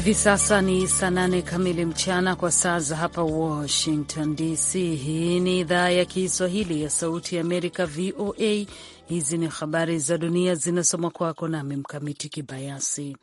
Hivi sasa ni saa nane kamili mchana kwa saa za hapa Washington DC. Hii ni idhaa ya Kiswahili ya Sauti ya Amerika, VOA. Hizi ni habari za dunia zinasomwa kwako nami Mkamiti Kibayasi.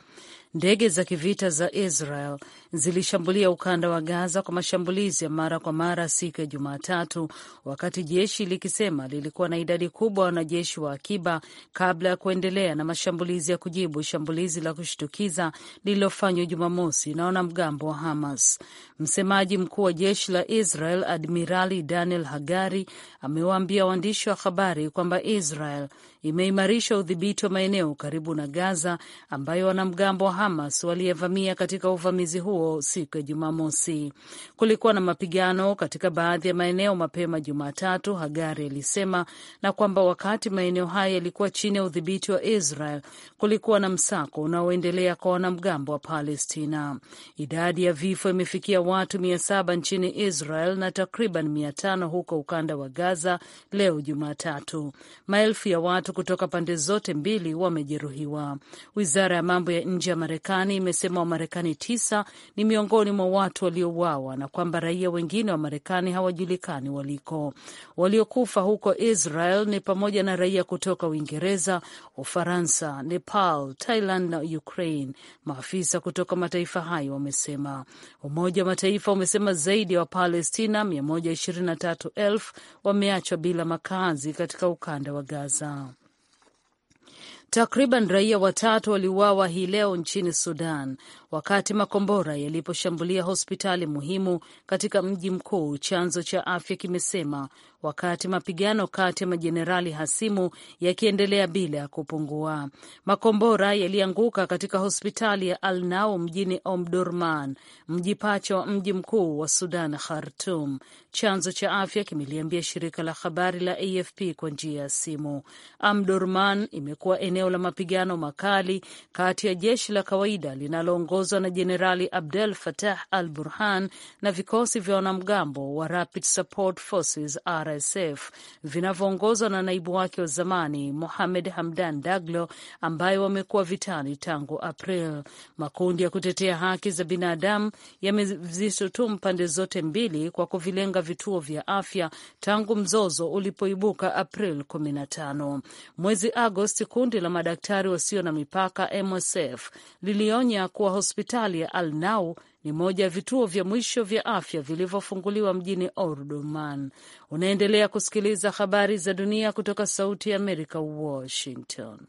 Ndege za kivita za Israel zilishambulia ukanda wa Gaza kwa mashambulizi ya mara kwa mara siku ya Jumatatu, wakati jeshi likisema lilikuwa na idadi kubwa ya wanajeshi wa akiba kabla ya kuendelea na mashambulizi ya kujibu shambulizi la kushtukiza lililofanywa Jumamosi na wanamgambo wa Hamas. Msemaji mkuu wa jeshi la Israel Admirali Daniel Hagari amewaambia waandishi wa habari kwamba Israel imeimarisha udhibiti wa maeneo karibu na Gaza ambayo wanamgambo wa Hamas waliyevamia katika uvamizi huo siku ya Jumamosi. Kulikuwa na mapigano katika baadhi ya maeneo mapema Jumatatu, Hagari alisema, na kwamba wakati maeneo haya yalikuwa chini ya udhibiti wa Israel, kulikuwa na msako unaoendelea kwa wanamgambo wa Palestina. Idadi ya vifo imefikia watu mia saba nchini Israel na takriban mia tano huko ukanda wa Gaza leo Jumatatu. Maelfu ya watu kutoka pande zote mbili wamejeruhiwa. Wizara ya mambo ya nje ya Marekani imesema Wamarekani tisa ni miongoni mwa watu waliouawa na kwamba raia wengine wa Marekani hawajulikani waliko. Waliokufa huko Israel ni pamoja na raia kutoka Uingereza, Ufaransa, Nepal, Thailand na Ukraine, maafisa kutoka mataifa hayo wamesema. Umoja wa Mataifa umesema zaidi ya wa Wapalestina 123,000 wameachwa bila makazi katika ukanda wa Gaza. Takriban raia watatu waliuawa hii leo nchini Sudan wakati makombora yaliposhambulia hospitali muhimu katika mji mkuu, chanzo cha afya kimesema, wakati mapigano kati ya majenerali hasimu yakiendelea bila ya kupungua. Makombora yalianguka katika hospitali ya Al Nau mjini Omdurman, mji pacha wa mji mkuu wa Sudan, Khartum, chanzo cha afya kimeliambia shirika la habari la AFP kwa njia ya simu. Omdurman imekuwa eneo la mapigano makali kati ya jeshi la kawaida linaloongozwa na Jenerali Abdel Fattah al Burhan na vikosi vya wanamgambo wa Rapid Support Forces RSF vinavyoongozwa na naibu wake wa zamani Mohamed Hamdan Daglo ambaye wamekuwa vitani tangu April. Makundi ya kutetea haki za binadamu yamezishutumu pande zote mbili kwa kuvilenga vituo vya afya tangu mzozo ulipoibuka April 15. Mwezi Agosti kundi la madaktari wasio na mipaka MSF lilionya kuwa hospitali ya Al Nau ni moja ya vituo vya mwisho vya afya vilivyofunguliwa mjini ordoman Unaendelea kusikiliza habari za dunia kutoka Sauti ya Amerika, Washington.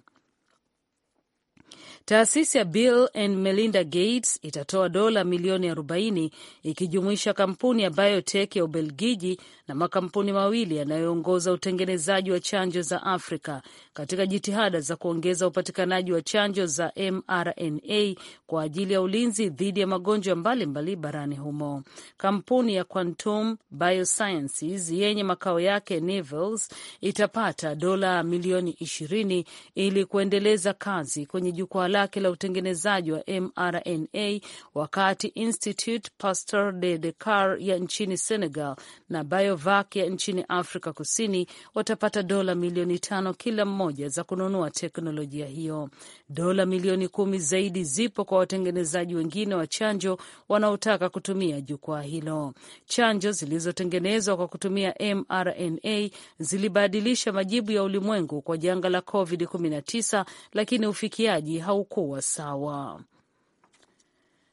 Taasisi ya Bill and Melinda Gates itatoa dola milioni 40 ikijumuisha kampuni ya biotech ya Ubelgiji na makampuni mawili yanayoongoza utengenezaji wa chanjo za Afrika katika jitihada za kuongeza upatikanaji wa chanjo za mRNA kwa ajili ya ulinzi dhidi ya magonjwa mbalimbali barani humo. Kampuni ya Quantum Biosciences yenye makao yake Nevels itapata dola milioni 20 ili kuendeleza kazi kwenye jukwaa lake la utengenezaji wa mRNA wakati institute Pasteur de Dakar ya nchini Senegal na BioVac ya nchini Afrika Kusini watapata dola milioni tano kila mmoja za kununua teknolojia hiyo. Dola milioni kumi zaidi zipo kwa watengenezaji wengine wa chanjo wanaotaka kutumia jukwaa hilo. Chanjo zilizotengenezwa kwa kutumia mRNA zilibadilisha majibu ya ulimwengu kwa janga la COVID-19, lakini ufikiaji hau haukuwa sawa.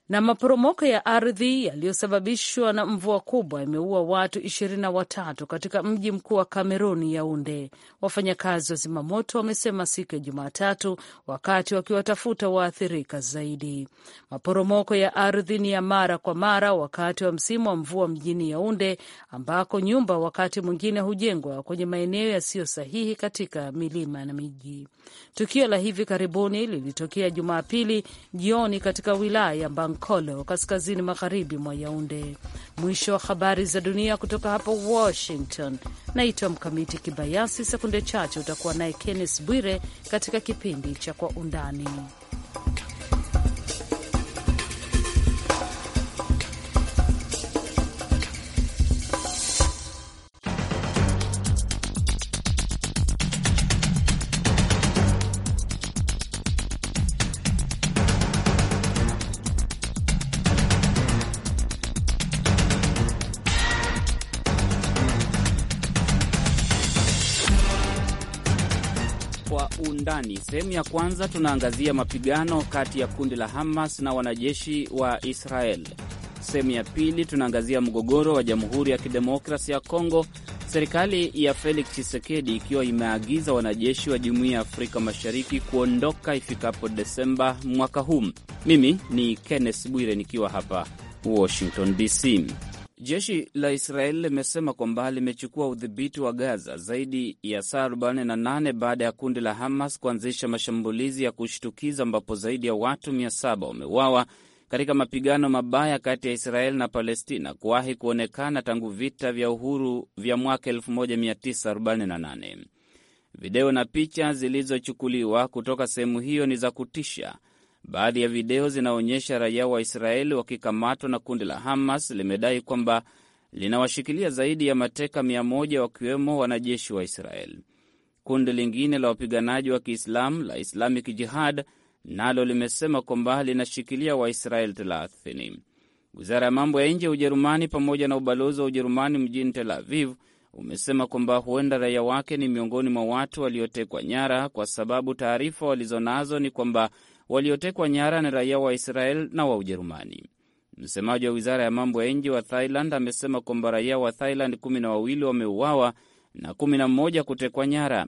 Na maporomoko ya ardhi yaliyosababishwa na mvua kubwa imeua watu ishirini na watatu katika mji mkuu wa Kameruni, Yaunde, wafanyakazi wa zimamoto wamesema siku ya Jumatatu wakati wakiwatafuta waathirika zaidi. Maporomoko ya ardhi ni ya mara kwa mara wakati wa msimu wa mvua mjini Yaunde, ambako nyumba wakati mwingine hujengwa kwenye maeneo yasiyo sahihi katika milima na miji. Tukio la hivi karibuni lilitokea Jumapili jioni katika wilaya ya Nkolo, kaskazini magharibi mwa Yaunde. Mwisho wa habari za dunia kutoka hapa Washington. Naitwa Mkamiti Kibayasi. Sekunde chache utakuwa naye Kennes Bwire katika kipindi cha Kwa Undani. Sehemu ya kwanza tunaangazia mapigano kati ya kundi la Hamas na wanajeshi wa Israel. Sehemu ya pili tunaangazia mgogoro wa Jamhuri ya Kidemokrasi ya Kongo, serikali ya Felix Tshisekedi ikiwa imeagiza wanajeshi wa Jumuiya ya Afrika Mashariki kuondoka ifikapo Desemba mwaka huu. Mimi ni Kenneth Bwire nikiwa hapa Washington DC. Jeshi la Israeli limesema kwamba limechukua udhibiti wa Gaza zaidi ya saa 48 baada ya kundi la Hamas kuanzisha mashambulizi ya kushtukiza ambapo zaidi ya watu 700 wameuawa katika mapigano mabaya kati ya Israeli na Palestina kuwahi kuonekana tangu vita vya uhuru vya mwaka 1948. Video na picha zilizochukuliwa kutoka sehemu hiyo ni za kutisha Baadhi ya video zinaonyesha raia wa Israeli wakikamatwa na kundi la Hamas limedai kwamba linawashikilia zaidi ya mateka mia moja wakiwemo wanajeshi wa Israeli. Kundi lingine la wapiganaji wa Kiislamu la Islamic Jihad nalo limesema kwamba linashikilia Waisraeli 30. Wizara ya mambo ya nje ya Ujerumani pamoja na ubalozi wa Ujerumani mjini Tel Aviv umesema kwamba huenda raia wake ni miongoni mwa watu waliotekwa nyara, kwa sababu taarifa walizonazo ni kwamba waliotekwa nyara ni raia wa Israel na wa Ujerumani. Msemaji wa wizara ya mambo ya nje wa Thailand amesema kwamba raia wa Thailand kumi na wawili wameuawa na kumi na mmoja kutekwa nyara.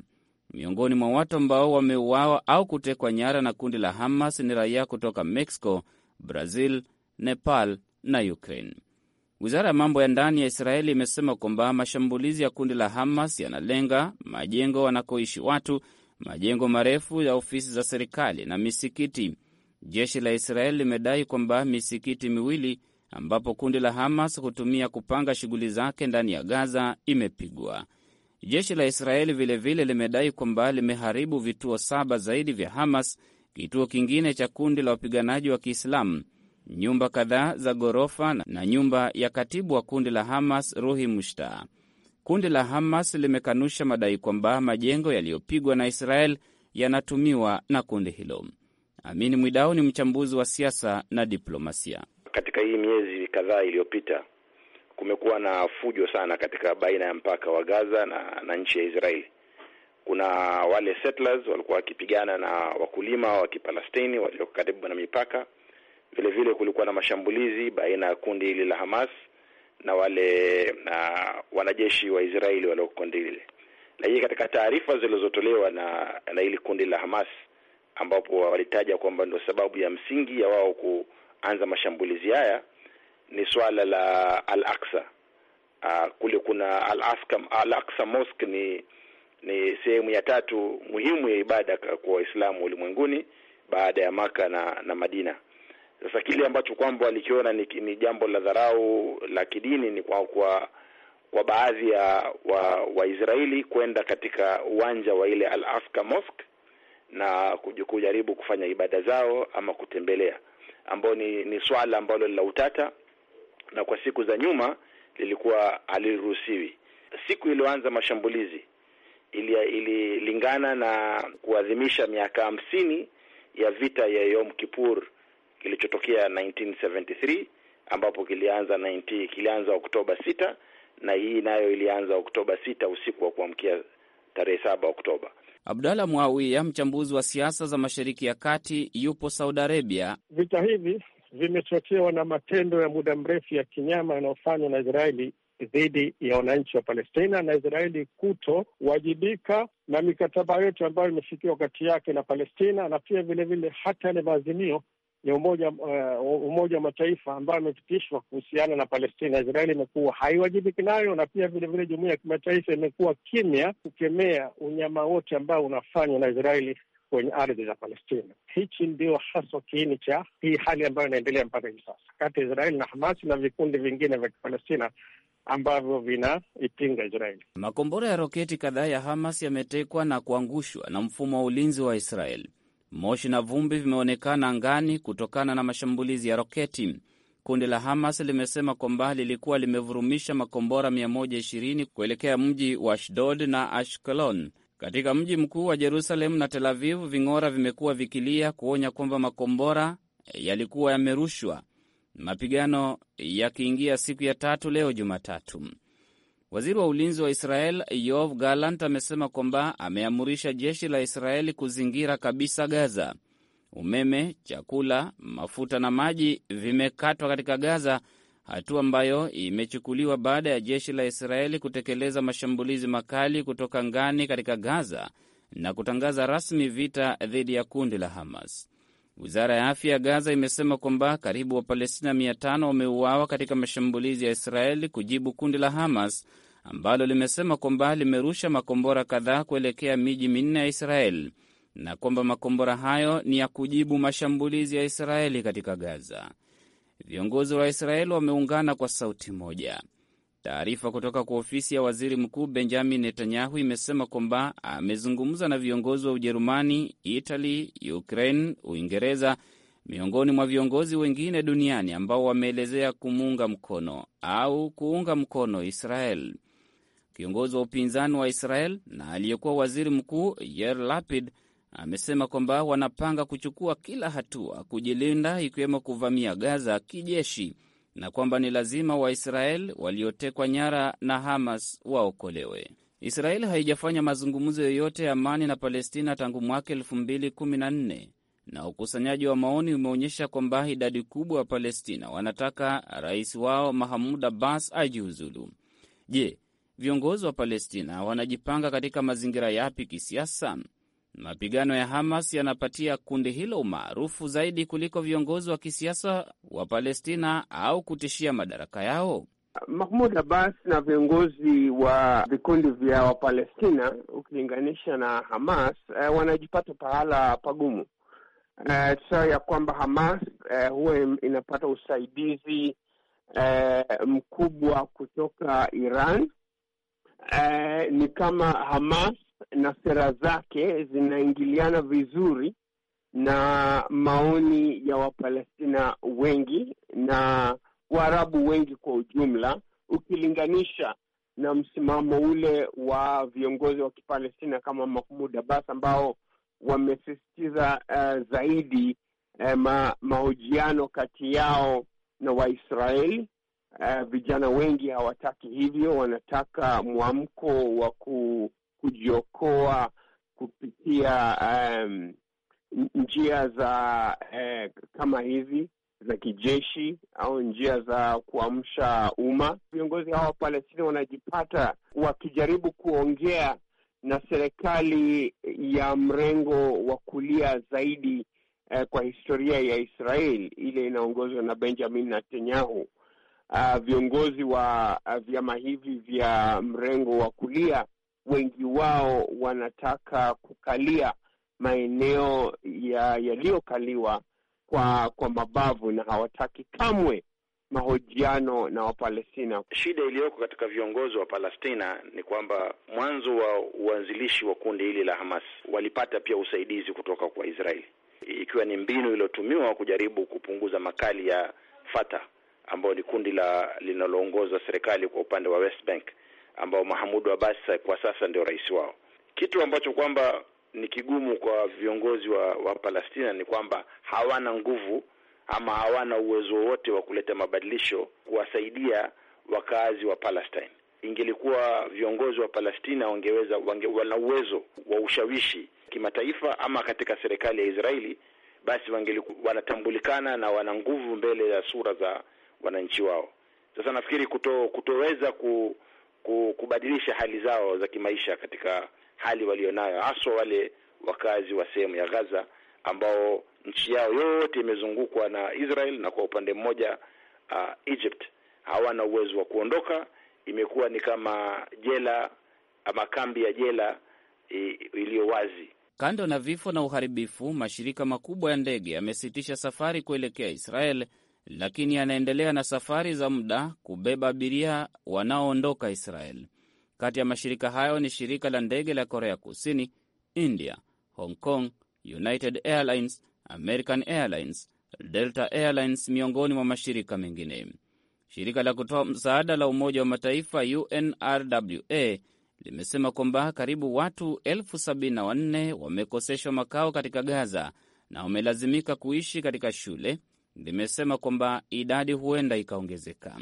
Miongoni mwa watu ambao wameuawa au kutekwa nyara na kundi la Hamas ni raia kutoka Mexico, Brazil, Nepal na Ukraine. Wizara ya mambo ya ndani ya Israeli imesema kwamba mashambulizi ya kundi la Hamas yanalenga majengo wanakoishi watu majengo marefu ya ofisi za serikali na misikiti. Jeshi la Israeli limedai kwamba misikiti miwili ambapo kundi la Hamas hutumia kupanga shughuli zake ndani ya Gaza imepigwa. Jeshi la Israeli vilevile limedai kwamba limeharibu vituo saba zaidi vya Hamas, kituo kingine cha kundi la wapiganaji wa Kiislamu, nyumba kadhaa za ghorofa na nyumba ya katibu wa kundi la Hamas Ruhi Mushta. Kundi la Hamas limekanusha madai kwamba majengo yaliyopigwa na Israel yanatumiwa na kundi hilo. amin Mwidau ni mchambuzi wa siasa na diplomasia. Katika hii miezi kadhaa iliyopita kumekuwa na fujo sana katika baina ya mpaka wa Gaza na, na nchi ya Israeli. Kuna wale settlers walikuwa wakipigana na wakulima wa Kipalestini walioko karibu na mipaka. Vilevile kulikuwa na mashambulizi baina ya kundi hili la Hamas na wale na wanajeshi wa Israeli walio kundi lile. Lakini katika taarifa zilizotolewa na na ili kundi la Hamas, ambapo walitaja kwamba ndio sababu ya msingi ya wao kuanza mashambulizi haya ni swala la Al-Aqsa. Uh, kule kuna Al-Aqsa Al-Aqsa Mosque ni ni sehemu ya tatu muhimu ya ibada kwa Waislamu ulimwenguni baada ya Maka na, na Madina. Sasa kile ambacho kwamba walikiona ni, ni jambo la dharau la kidini ni kwa, kwa kwa baadhi ya Waisraeli wa kwenda katika uwanja wa ile Al Aqsa Mosque na kujaribu kufanya ibada zao ama kutembelea, ambayo ni, ni swala ambalo lina utata na kwa siku za nyuma lilikuwa haliruhusiwi. Siku iliyoanza mashambulizi ililingana na kuadhimisha miaka hamsini ya vita ya Yom Kippur kilichotokea 1973 ambapo kilianza 90, kilianza Oktoba sita na hii nayo ilianza Oktoba sita usiku wa kuamkia tarehe saba Oktoba. Abdalla Mwawiya, mchambuzi wa siasa za Mashariki ya Kati, yupo Saudi Arabia. Vita hivi vimechochewa na matendo ya muda mrefu ya kinyama yanayofanywa na Israeli dhidi ya wananchi wa Palestina na Israeli kutowajibika na mikataba yote ambayo imefikiwa kati yake na Palestina, na pia vilevile hata yale maazimio ya Umoja uh, Umoja wa Mataifa ambayo amepitishwa kuhusiana na Palestina, Israeli imekuwa haiwajibiki nayo, na pia vilevile jumuia ya kimataifa imekuwa kimya kukemea unyama wote ambao unafanywa na Israeli kwenye ardhi za Palestina. Hichi ndio haswa kiini cha hii hali ambayo inaendelea mpaka hivi sasa kati ya Israeli na Hamasi na vikundi vingine vya Kipalestina ambavyo vinaipinga Israeli. Makombora ya roketi kadhaa ya Hamas yametekwa na kuangushwa na mfumo wa ulinzi wa Israeli. Moshi na vumbi vimeonekana angani kutokana na mashambulizi ya roketi. Kundi la Hamas limesema kwamba lilikuwa limevurumisha makombora 120 kuelekea mji wa Ashdod na Ashkelon. Katika mji mkuu wa Jerusalem na Tel avivu ving'ora vimekuwa vikilia kuonya kwamba makombora yalikuwa yamerushwa, mapigano yakiingia siku ya tatu leo Jumatatu. Waziri wa ulinzi wa Israel Yoav Gallant amesema kwamba ameamurisha jeshi la Israeli kuzingira kabisa Gaza. Umeme, chakula, mafuta na maji vimekatwa katika Gaza, hatua ambayo imechukuliwa baada ya jeshi la Israeli kutekeleza mashambulizi makali kutoka ngani katika Gaza na kutangaza rasmi vita dhidi ya kundi la Hamas. Wizara ya afya ya Gaza imesema kwamba karibu Wapalestina 500 wameuawa katika mashambulizi ya Israeli kujibu kundi la Hamas ambalo limesema kwamba limerusha makombora kadhaa kuelekea miji minne ya Israeli na kwamba makombora hayo ni ya kujibu mashambulizi ya Israeli katika Gaza. Viongozi wa Israeli wameungana kwa sauti moja Taarifa kutoka kwa ofisi ya waziri mkuu Benjamin Netanyahu imesema kwamba amezungumza na viongozi wa Ujerumani, Italy, Ukraine, Uingereza, miongoni mwa viongozi wengine duniani ambao wameelezea kumuunga mkono au kuunga mkono Israel. Kiongozi wa upinzani wa Israel na aliyekuwa waziri mkuu Yair Lapid amesema kwamba wanapanga kuchukua kila hatua kujilinda, ikiwemo kuvamia Gaza kijeshi na kwamba ni lazima Waisrael waliotekwa nyara na Hamas waokolewe. Israel haijafanya mazungumzo yoyote ya amani na Palestina tangu mwaka 2014 na ukusanyaji wa maoni umeonyesha kwamba idadi kubwa ya Palestina wanataka rais wao Mahmud Abbas ajiuzulu. Je, viongozi wa Palestina wanajipanga katika mazingira yapi kisiasa? Mapigano ya Hamas yanapatia kundi hilo umaarufu zaidi kuliko viongozi wa kisiasa wa Palestina au kutishia madaraka yao. Mahmud Abbas na viongozi wa vikundi vya Wapalestina ukilinganisha na Hamas eh, wanajipata pahala pagumu eh, sa ya kwamba Hamas eh, huwa inapata usaidizi eh, mkubwa kutoka Iran eh, ni kama Hamas na sera zake zinaingiliana vizuri na maoni ya Wapalestina wengi na Waarabu wengi kwa ujumla, ukilinganisha na msimamo ule wa viongozi wa Kipalestina kama Mahmud Abbas ambao wamesisitiza uh, zaidi uh, ma, mahojiano kati yao na Waisraeli. Uh, eh, vijana wengi hawataki hivyo, wanataka mwamko wa ku kujiokoa kupitia um, njia za uh, kama hizi za kijeshi au njia za kuamsha umma. Viongozi hawa Wapalestina wanajipata wakijaribu kuongea na serikali ya mrengo wa kulia zaidi eh, kwa historia ya Israel ile inaongozwa na Benjamin Netanyahu. Uh, viongozi wa uh, vyama hivi vya mrengo wa kulia wengi wao wanataka kukalia maeneo yaliyokaliwa ya kwa kwa mabavu na hawataki kamwe mahojiano na Wapalestina. Shida iliyoko katika viongozi wa Palestina ni kwamba mwanzo wa uanzilishi wa kundi hili la Hamas walipata pia usaidizi kutoka kwa Israeli, ikiwa ni mbinu iliyotumiwa kujaribu kupunguza makali ya Fatah ambayo ni kundi la linaloongoza serikali kwa upande wa West Bank ambao Mahamudu Abbas kwa sasa ndio rais wao. Kitu ambacho kwamba ni kigumu kwa viongozi wa, wa Palestina ni kwamba hawana nguvu ama hawana uwezo wowote wa kuleta mabadilisho kuwasaidia wakaazi wa Palestine. Ingelikuwa viongozi wa Palestina wangeweza wange, wana uwezo wa ushawishi kimataifa ama katika serikali ya Israeli, basi wangelikuwa wanatambulikana na wana nguvu mbele ya sura za wananchi wao. Sasa nafikiri kuto, kutoweza ku, kubadilisha hali zao za kimaisha katika hali walionayo, haswa wale wakazi wa sehemu ya Gaza ambao nchi yao yote imezungukwa na Israel na kwa upande mmoja uh, Egypt. Hawana uwezo wa kuondoka, imekuwa ni kama jela ama kambi ya jela iliyo wazi. Kando na vifo na uharibifu, mashirika makubwa ya ndege yamesitisha safari kuelekea Israel lakini anaendelea na safari za muda kubeba abiria wanaoondoka Israel. Kati ya mashirika hayo ni shirika la ndege la Korea Kusini, India, Hong Kong, United Airlines, American Airlines, Delta Airlines, miongoni mwa mashirika mengine. Shirika la kutoa msaada la Umoja wa Mataifa UNRWA limesema kwamba karibu watu elfu sabini na wamekoseshwa makao katika Gaza na wamelazimika kuishi katika shule, limesema kwamba idadi huenda ikaongezeka.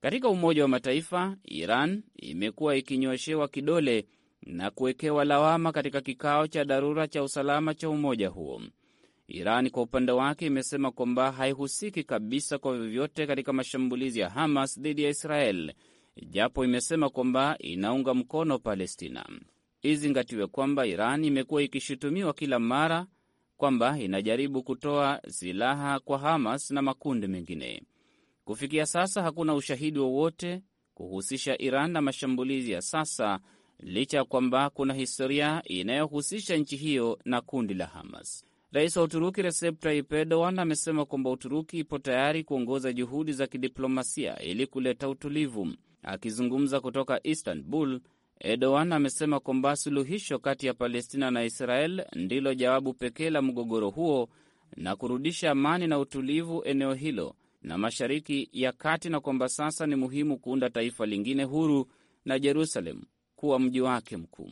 Katika Umoja wa Mataifa, Iran imekuwa ikinyoshewa kidole na kuwekewa lawama katika kikao cha dharura cha usalama cha umoja huo. Iran kwa upande wake imesema kwamba haihusiki kabisa kwa vyovyote katika mashambulizi ya Hamas dhidi ya Israel, japo imesema kwamba inaunga mkono Palestina. Izingatiwe kwamba Iran imekuwa ikishutumiwa kila mara kwamba inajaribu kutoa silaha kwa Hamas na makundi mengine. Kufikia sasa hakuna ushahidi wowote kuhusisha Iran na mashambulizi ya sasa, licha ya kwamba kuna historia inayohusisha nchi hiyo na kundi la Hamas. Rais wa Uturuki Recep Tayyip Erdogan amesema kwamba Uturuki ipo tayari kuongoza juhudi za kidiplomasia ili kuleta utulivu. Akizungumza kutoka Istanbul, Erdogan amesema kwamba suluhisho kati ya Palestina na Israel ndilo jawabu pekee la mgogoro huo na kurudisha amani na utulivu eneo hilo na Mashariki ya Kati, na kwamba sasa ni muhimu kuunda taifa lingine huru na Jerusalem kuwa mji wake mkuu.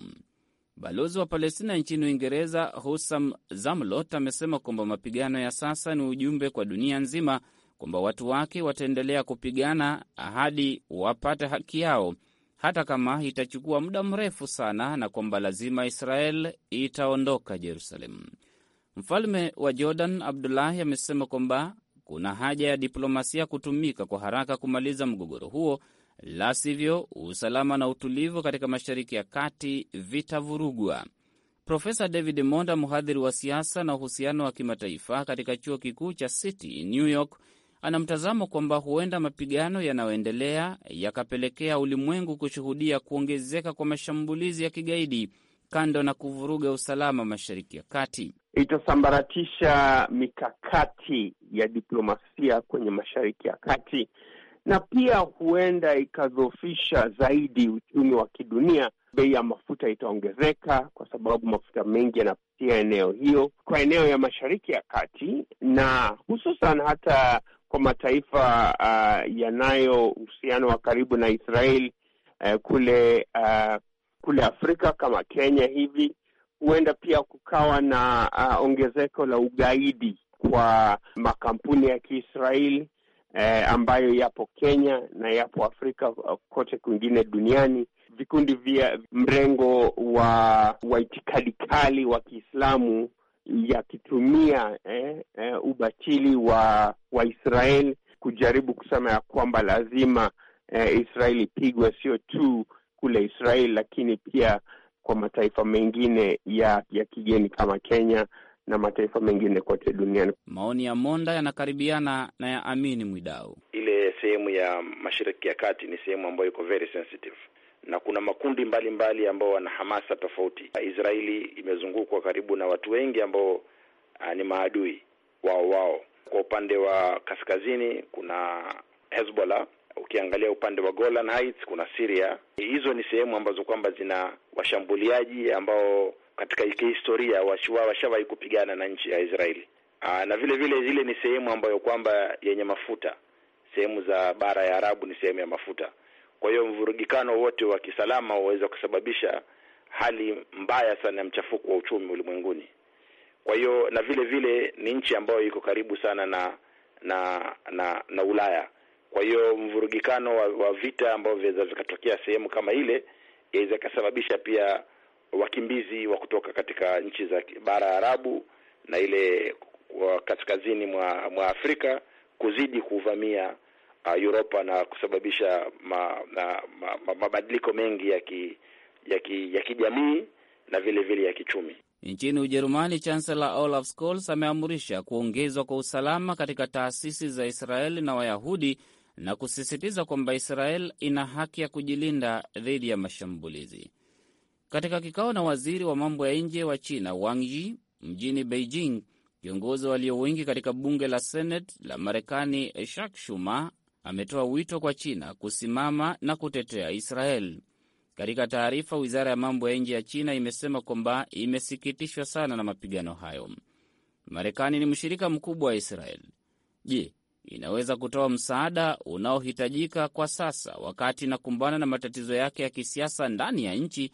Balozi wa Palestina nchini Uingereza Hussam Zamlot amesema kwamba mapigano ya sasa ni ujumbe kwa dunia nzima kwamba watu wake wataendelea kupigana hadi wapate haki yao hata kama itachukua muda mrefu sana, na kwamba lazima Israel itaondoka Jerusalemu. Mfalme wa Jordan Abdulahi amesema kwamba kuna haja ya diplomasia kutumika kwa haraka kumaliza mgogoro huo, la sivyo usalama na utulivu katika Mashariki ya Kati vitavurugwa. Profesa David Monda, mhadhiri wa siasa na uhusiano wa kimataifa katika chuo kikuu cha City New York, ana mtazamo kwamba huenda mapigano yanayoendelea yakapelekea ulimwengu kushuhudia kuongezeka kwa mashambulizi ya kigaidi kando na kuvuruga usalama Mashariki ya Kati. Itasambaratisha mikakati ya diplomasia kwenye Mashariki ya Kati na pia huenda ikadhoofisha zaidi uchumi wa kidunia. Bei ya mafuta itaongezeka kwa sababu mafuta mengi yanapitia eneo hiyo, kwa eneo ya Mashariki ya Kati na hususan hata kwa mataifa uh, yanayo uhusiano wa karibu na Israel uh, kule uh, kule Afrika kama Kenya hivi, huenda pia kukawa na uh, ongezeko la ugaidi kwa makampuni ya Kiisraeli uh, ambayo yapo Kenya na yapo Afrika uh, kote kwingine duniani, vikundi vya mrengo wa wa itikadi kali wa Kiislamu yakitumia eh, eh, ubatili wa wa Israel kujaribu kusema ya kwamba lazima eh, Israel ipigwe, sio tu kule Israel lakini pia kwa mataifa mengine ya ya kigeni kama Kenya na mataifa mengine kote duniani. Maoni ya Monda yanakaribiana na ya Amini Mwidau. Ile sehemu ya Mashariki ya Kati ni sehemu ambayo iko very sensitive na kuna makundi mbalimbali ambao wana hamasa tofauti. Israeli imezungukwa karibu na watu wengi ambao ah, ni maadui wao wao. Kwa upande wa kaskazini kuna Hezbollah, ukiangalia upande wa Golan Heights kuna Syria. Hizo ni sehemu ambazo kwamba zina washambuliaji ambao katika kihistoria washawahi kupigana na nchi ya Israeli. Aa, ah, na vile vile zile ni sehemu ambayo kwamba yenye mafuta, sehemu za bara ya Arabu ni sehemu ya mafuta. Kwa hiyo mvurugikano wote wa kisalama waweza kusababisha hali mbaya sana ya mchafuko wa uchumi ulimwenguni. Kwa hiyo na vile vile ni nchi ambayo iko karibu sana na na na, na Ulaya. Kwa hiyo mvurugikano wa, wa vita ambao vinaweza vikatokea sehemu kama ile yaweza ikasababisha pia wakimbizi wa kutoka katika nchi za bara ya Arabu na ile wa kaskazini mwa, mwa Afrika kuzidi kuvamia uh, Europa na kusababisha ma, na, ma, ma, mabadiliko mengi ya ki, ya ki, ya kijamii na vile vile ya kichumi. Nchini Ujerumani, Chancellor Olaf Scholz ameamurisha kuongezwa kwa usalama katika taasisi za Israeli na Wayahudi na kusisitiza kwamba Israel ina haki ya kujilinda dhidi ya mashambulizi. Katika kikao na waziri wa mambo ya nje wa China Wang Yi mjini Beijing, kiongozi walio wengi katika bunge la Senate la Marekani Chuck Schumer ametoa wito kwa China kusimama na kutetea Israel. Katika taarifa, wizara ya mambo ya nje ya China imesema kwamba imesikitishwa sana na mapigano hayo. Marekani ni mshirika mkubwa wa Israel. Je, inaweza kutoa msaada unaohitajika kwa sasa wakati inakumbana na matatizo yake ya kisiasa ndani ya nchi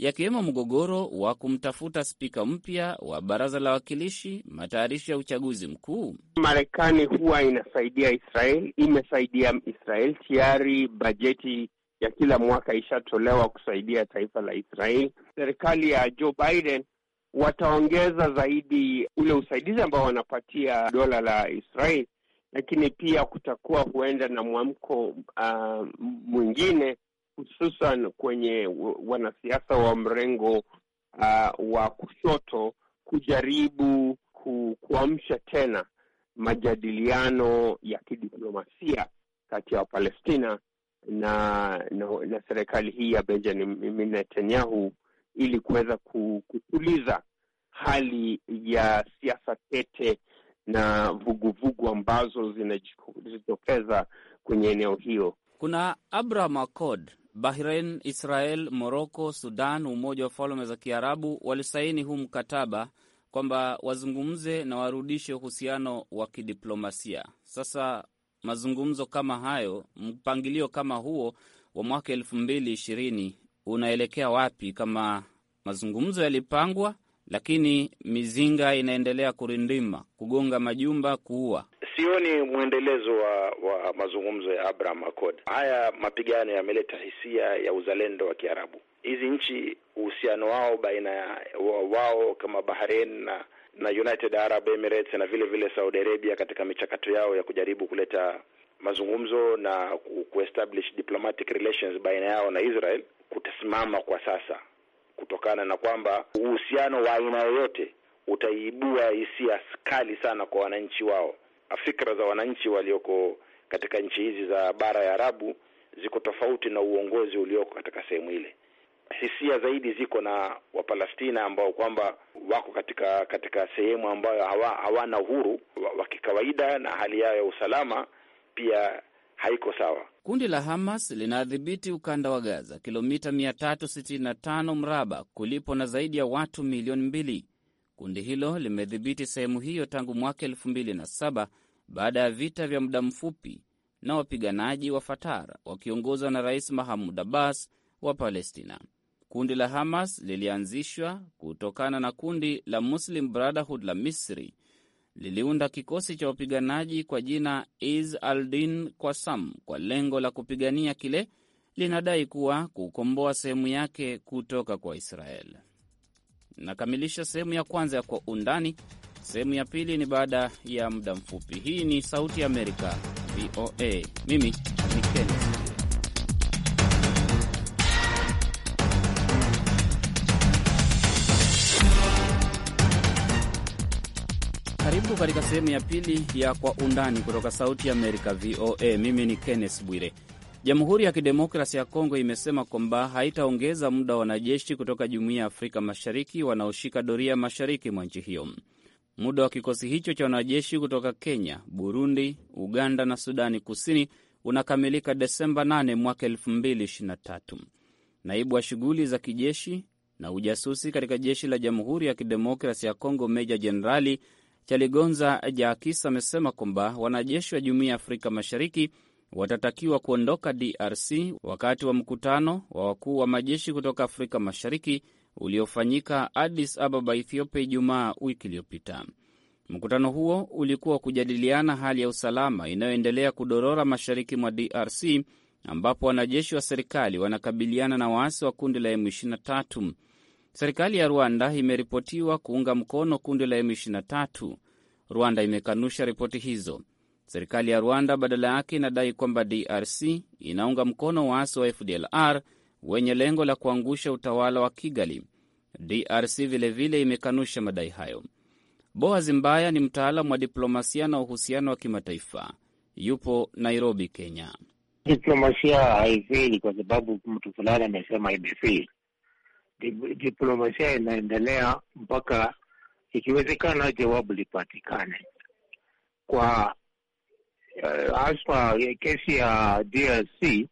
yakiwemo mgogoro wa kumtafuta spika mpya wa baraza la wawakilishi, matayarisho ya uchaguzi mkuu. Marekani huwa inasaidia Israel, imesaidia Israel tayari, bajeti ya kila mwaka ishatolewa kusaidia taifa la Israel. Serikali ya Joe Biden wataongeza zaidi ule usaidizi ambao wanapatia dola la Israel, lakini pia kutakuwa huenda na mwamko uh, mwingine hususan kwenye wanasiasa wa mrengo uh, wa kushoto kujaribu ku, kuamsha tena majadiliano ya kidiplomasia kati ya Wapalestina na, na, na serikali hii ya Benjamin Netanyahu ili kuweza kutuliza hali ya siasa tete na vuguvugu vugu ambazo zinajitokeza kwenye eneo hiyo. Kuna Abraham Accord. Bahrain, Israel, Moroko, Sudan, Umoja wa Falme za Kiarabu walisaini huu mkataba kwamba wazungumze na warudishe uhusiano wa kidiplomasia. Sasa mazungumzo kama hayo, mpangilio kama huo wa mwaka elfu mbili ishirini unaelekea wapi? Kama mazungumzo yalipangwa lakini mizinga inaendelea kurindima, kugonga majumba, kuua. Sioni mwendelezo wa, wa mazungumzo ya Abraham Accord. Haya mapigano yameleta hisia ya uzalendo wa Kiarabu. Hizi nchi uhusiano wao baina ya wao kama Bahrain na na United Arab Emirates na vile vile Saudi Arabia katika michakato yao ya kujaribu kuleta mazungumzo na kuestablish diplomatic relations baina yao na Israel kutasimama kwa sasa kutokana na kwamba uhusiano wa aina yoyote utaibua hisia kali sana kwa wananchi wao. Fikra za wananchi walioko katika nchi hizi za bara ya Arabu ziko tofauti na uongozi ulioko katika sehemu ile. Hisia zaidi ziko na Wapalestina ambao kwamba wako katika katika sehemu ambayo hawa, hawana uhuru wa kikawaida na hali yao ya usalama pia haiko sawa. Kundi la Hamas linadhibiti ukanda wa Gaza, kilomita 365 mraba kulipo na zaidi ya watu milioni mbili. Kundi hilo limedhibiti sehemu hiyo tangu mwaka 2007 baada ya vita vya muda mfupi na wapiganaji wa Fatara wakiongozwa na Rais Mahamud Abbas wa Palestina. Kundi la Hamas lilianzishwa kutokana na kundi la Muslim Brotherhood la Misri liliunda kikosi cha wapiganaji kwa jina Is aldin Kwasam kwa lengo la kupigania kile linadai kuwa kukomboa sehemu yake kutoka kwa Israel. Nakamilisha sehemu ya kwanza ya Kwa Undani. Sehemu ya pili ni baada ya muda mfupi. Hii ni Sauti ya Amerika, VOA. Mimi ni Kenya. katika sehemu ya pili ya Kwa Undani kutoka Sauti ya Amerika, VOA. Mimi ni Kenneth Bwire. Jamhuri ya Kidemokrasi ya Kongo imesema kwamba haitaongeza muda wa wanajeshi kutoka Jumuiya ya Afrika Mashariki wanaoshika doria mashariki mwa nchi hiyo. Muda wa kikosi hicho cha wanajeshi kutoka Kenya, Burundi, Uganda na Sudani Kusini unakamilika Desemba 8 mwaka 2023. Naibu wa shughuli za kijeshi na ujasusi katika jeshi la Jamhuri ya Kidemokrasi ya Kongo, Meja Jenerali Chaligonza Jakis amesema kwamba wanajeshi wa Jumuiya ya Afrika Mashariki watatakiwa kuondoka DRC wakati wa mkutano wa wakuu wa majeshi kutoka Afrika Mashariki uliofanyika Addis Ababa, Ethiopia, Ijumaa wiki iliyopita. Mkutano huo ulikuwa wa kujadiliana hali ya usalama inayoendelea kudorora mashariki mwa DRC ambapo wanajeshi wa serikali wanakabiliana na waasi wa kundi la M23. Serikali ya Rwanda imeripotiwa kuunga mkono kundi la M23. Rwanda imekanusha ripoti hizo. Serikali ya Rwanda badala yake inadai kwamba DRC inaunga mkono waasi wa FDLR wenye lengo la kuangusha utawala wa Kigali. DRC vilevile vile imekanusha madai hayo. Boaz Mbaya ni mtaalamu wa diplomasia na uhusiano wa kimataifa, yupo Nairobi, Kenya. Diplomasia haifeli kwa sababu mtu fulani amesema imefeli diplomasia inaendelea mpaka ikiwezekana jawabu lipatikane kwa uh, kesi ya DRC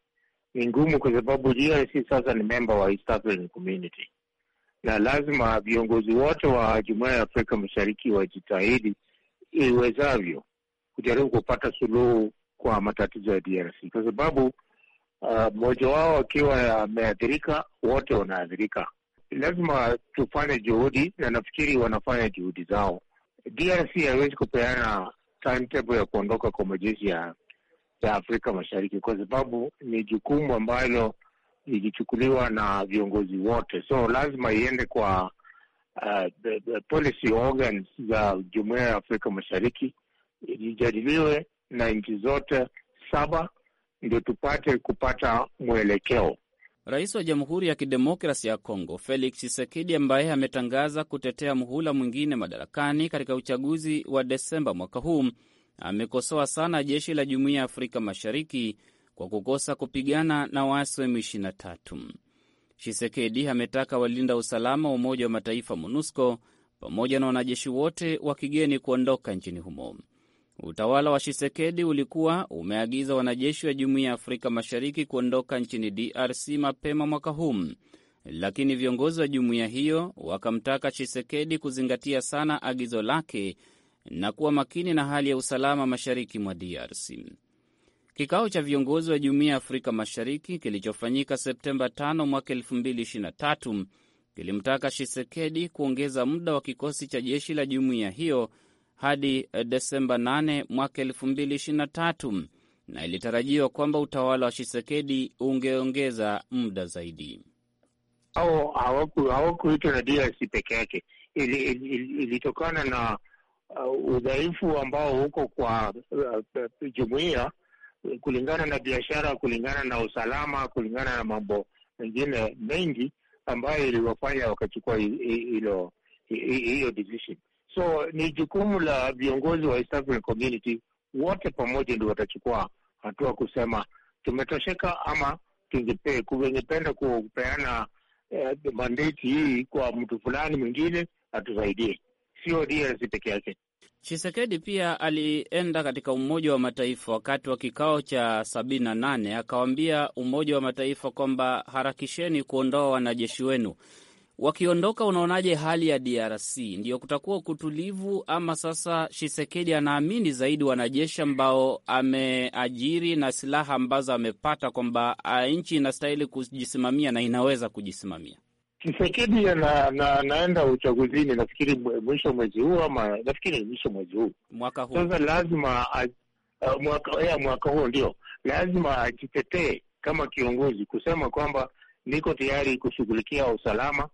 ni ngumu kwa sababu DRC sasa ni memba wa East African Community na lazima viongozi wote wa jumuia ya Afrika Mashariki wajitahidi iwezavyo kujaribu kupata suluhu kwa matatizo ya DRC kwa sababu eh, mmoja uh, wao akiwa ameathirika, wote wanaathirika lazima tufanye juhudi, na nafikiri wanafanya juhudi zao. DRC haiwezi kupeana timetable ya kuondoka kwa majeshi ya ya Afrika Mashariki kwa sababu ni jukumu ambalo ilichukuliwa na viongozi wote, so lazima iende kwa uh, the, the policy organs za Jumuiya ya Afrika Mashariki ijadiliwe na nchi zote saba, ndio tupate kupata mwelekeo. Rais wa Jamhuri ya Kidemokrasi ya Kongo Felix chisekedi ambaye ametangaza kutetea muhula mwingine madarakani katika uchaguzi wa Desemba mwaka huu, amekosoa sana jeshi la Jumuiya ya Afrika Mashariki kwa kukosa kupigana na waasi wa M23. chisekedi ametaka walinda usalama wa Umoja wa Mataifa MONUSCO pamoja na wanajeshi wote wa kigeni kuondoka nchini humo. Utawala wa Shisekedi ulikuwa umeagiza wanajeshi wa Jumuiya ya Afrika Mashariki kuondoka nchini DRC mapema mwaka huu, lakini viongozi wa jumuiya hiyo wakamtaka Shisekedi kuzingatia sana agizo lake na kuwa makini na hali ya usalama mashariki mwa DRC. Kikao cha viongozi wa Jumuiya ya Afrika Mashariki kilichofanyika Septemba 5 mwaka 2023 kilimtaka Shisekedi kuongeza muda wa kikosi cha jeshi la jumuiya hiyo hadi eh, Desemba 8 mwaka 2023 na ilitarajiwa kwamba utawala wa Shisekedi ungeongeza muda zaidi. hawakuitwa na DRC peke yake, ilitokana na uh, udhaifu ambao huko kwa uh, jumuiya kulingana na biashara, kulingana na usalama, kulingana na mambo mengine mengi ambayo iliwafanya wakachukua hiyo decision. So ni jukumu la viongozi wa East African Community wote pamoja ndio watachukua hatua kusema tumetosheka, ama tungepe kungependa kupeana eh, mandate hii kwa mtu fulani mwingine atusaidie, sio DRC peke yake. Chisekedi pia alienda katika Umoja wa Mataifa wakati wa kikao cha sabini na nane akawaambia Umoja wa Mataifa kwamba harakisheni kuondoa wanajeshi wenu wakiondoka, unaonaje hali ya DRC? Ndio kutakuwa kutulivu ama sasa Shisekedi anaamini zaidi wanajeshi ambao ameajiri na silaha ambazo amepata kwamba nchi inastahili kujisimamia na inaweza kujisimamia? Chisekedi na, na, uchaguzini nafikiri mwisho mwezi huu ama nafikiri mwisho mwezi huu mwaka huu. Sasa lazima mwaka, ya, mwaka huu ndio lazima ajitetee kama kiongozi kusema kwamba niko tayari kushughulikia usalama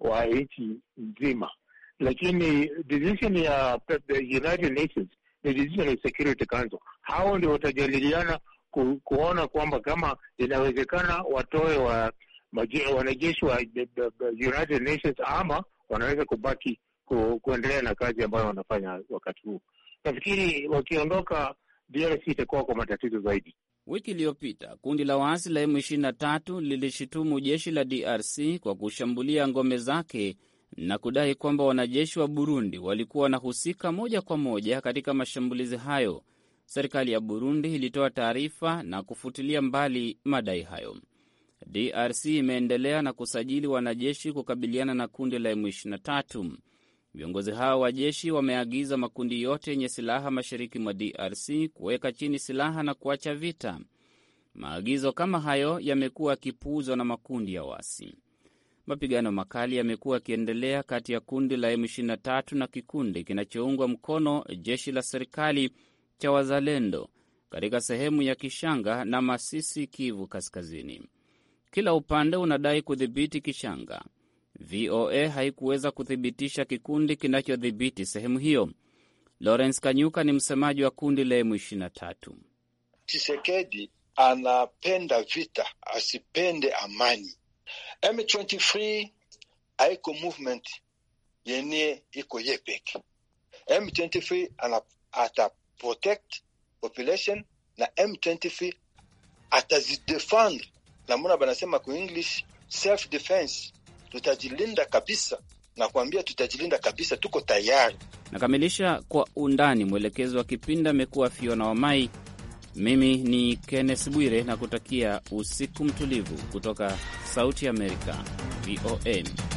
wa nchi nzima, lakini decision ya United Nations ni decision ya Security Council. Hao ndio watajadiliana ku, kuona kwamba kama inawezekana watoe wa wanajeshi wa United Nations ama wanaweza kubaki ku, kuendelea na kazi ambayo wanafanya wakati huu. Nafikiri wakiondoka DRC itakuwa kwa matatizo zaidi. Wiki iliyopita kundi la waasi la M23 lilishutumu jeshi la DRC kwa kushambulia ngome zake na kudai kwamba wanajeshi wa Burundi walikuwa wanahusika moja kwa moja katika mashambulizi hayo. Serikali ya Burundi ilitoa taarifa na kufutilia mbali madai hayo. DRC imeendelea na kusajili wanajeshi kukabiliana na kundi la M23. Viongozi hao wa jeshi wameagiza makundi yote yenye silaha mashariki mwa DRC kuweka chini silaha na kuacha vita. Maagizo kama hayo yamekuwa yakipuuzwa na makundi ya wasi. Mapigano makali yamekuwa yakiendelea kati ya kundi la M23 na kikundi kinachoungwa mkono jeshi la serikali cha Wazalendo katika sehemu ya Kishanga na Masisi, Kivu Kaskazini. Kila upande unadai kudhibiti Kishanga. VOA haikuweza kuthibitisha kikundi kinachodhibiti sehemu hiyo. Lawrence Kanyuka ni msemaji wa kundi la M23. Tshisekedi anapenda vita, asipende amani. M23 haiko movement yenye iko ye peke. M23 ana, ata protect population na M23 atazidefendre, namona banasema ku English self defense tutajilinda kabisa na kuambia tutajilinda kabisa, tuko tayari. Nakamilisha kwa undani. Mwelekezo wa kipindi amekuwa Fiona Wamai. Mimi ni Kenneth Bwire na kutakia usiku mtulivu kutoka Sauti Amerika, VOA.